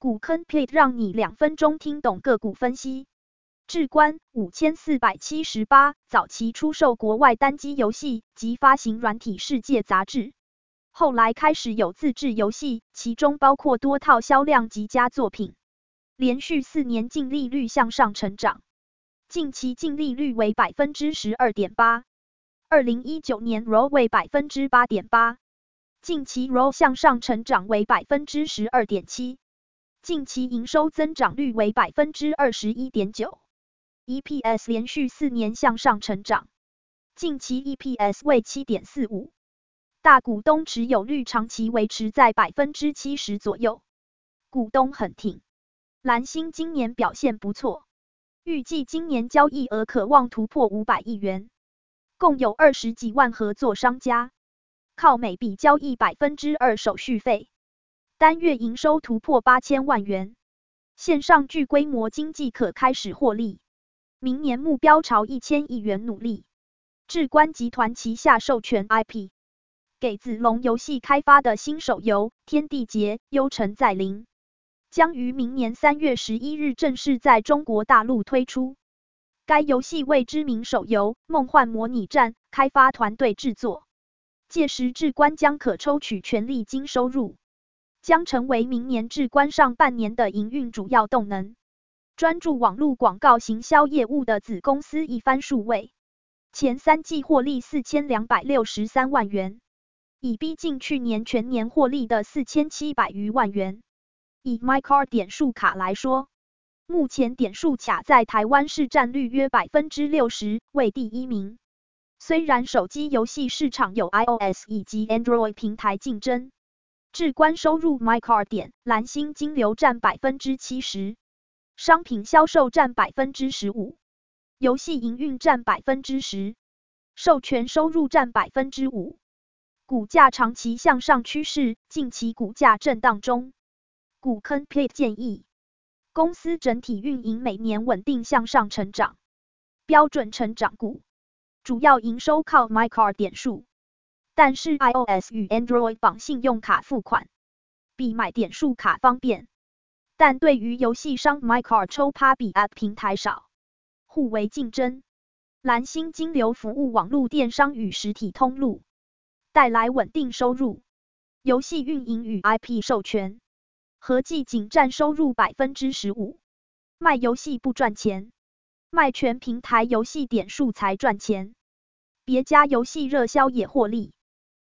古坑 plate 讓你兩分鐘聽懂個股分析。智冠五千四百七十八，5, 8, 早期出售國外單機遊戲及發行軟體世界雜誌，後來開始有自制遊戲，其中包括多套銷量極佳作品。連續四年淨利率向上成長，近期淨利率為百分之十二點八，二零一九年 ROE 為百分之八點八，近期 ROE 向上成長為百分之十二點七。近期營收增長率為百分之二十一點九，EPS 連續四年向上成長，近期 EPS 為七點四五，大股東持有率長期維持在百分之七十左右，股東很挺。藍星今年表現不錯，預計今年交易額可望突破五百億元，共有二十幾萬合作商家，靠每筆交易百分之二手續費。單月營收突破八千萬元，線上巨規模經濟可開始獲利。明年目標朝一千億元努力。智冠集團旗下授權 IP 給子龍遊戲開發的新手遊《天地劫：幽城再臨》將於明年三月十一日正式在中國大陸推出。該遊戲為知名手遊《夢幻模擬戰》開發團隊製作，屆時智冠將可抽取權利金收入。將成為明年至關上半年的營運主要動能。專注網絡廣告行銷業務的子公司一番數位，前三季獲利四千兩百六十三萬元，已逼近去年全年獲利的四千七百餘萬元。以 MyCard 點數卡來說，目前點數卡在台灣市占率約百分之六十，為第一名。雖然手機遊戲市場有 iOS 以及 Android 平台競爭。智冠收入 MyCard 點，藍星金流佔百分之七十，商品銷售佔百分之十五，遊戲營運佔百分之十，授權收入佔百分之五。股價長期向上趨勢，近期股價震盪中。股坑 Paid 建議，公司整體運營每年穩定向上成長，標準成長股，主要營收靠 MyCard 點數。但是 iOS 與 Android 綁信用卡付款比買點數卡方便，但對於遊戲商 MyCard 抽趴比 App 平台少，互為競爭。藍星金流服務網絡電商與實體通路帶來穩定收入，遊戲運營與 IP 授權合計僅占收入百分之十五，賣遊戲不賺錢，賣全平台遊戲點數才賺錢，別家遊戲熱銷也獲利。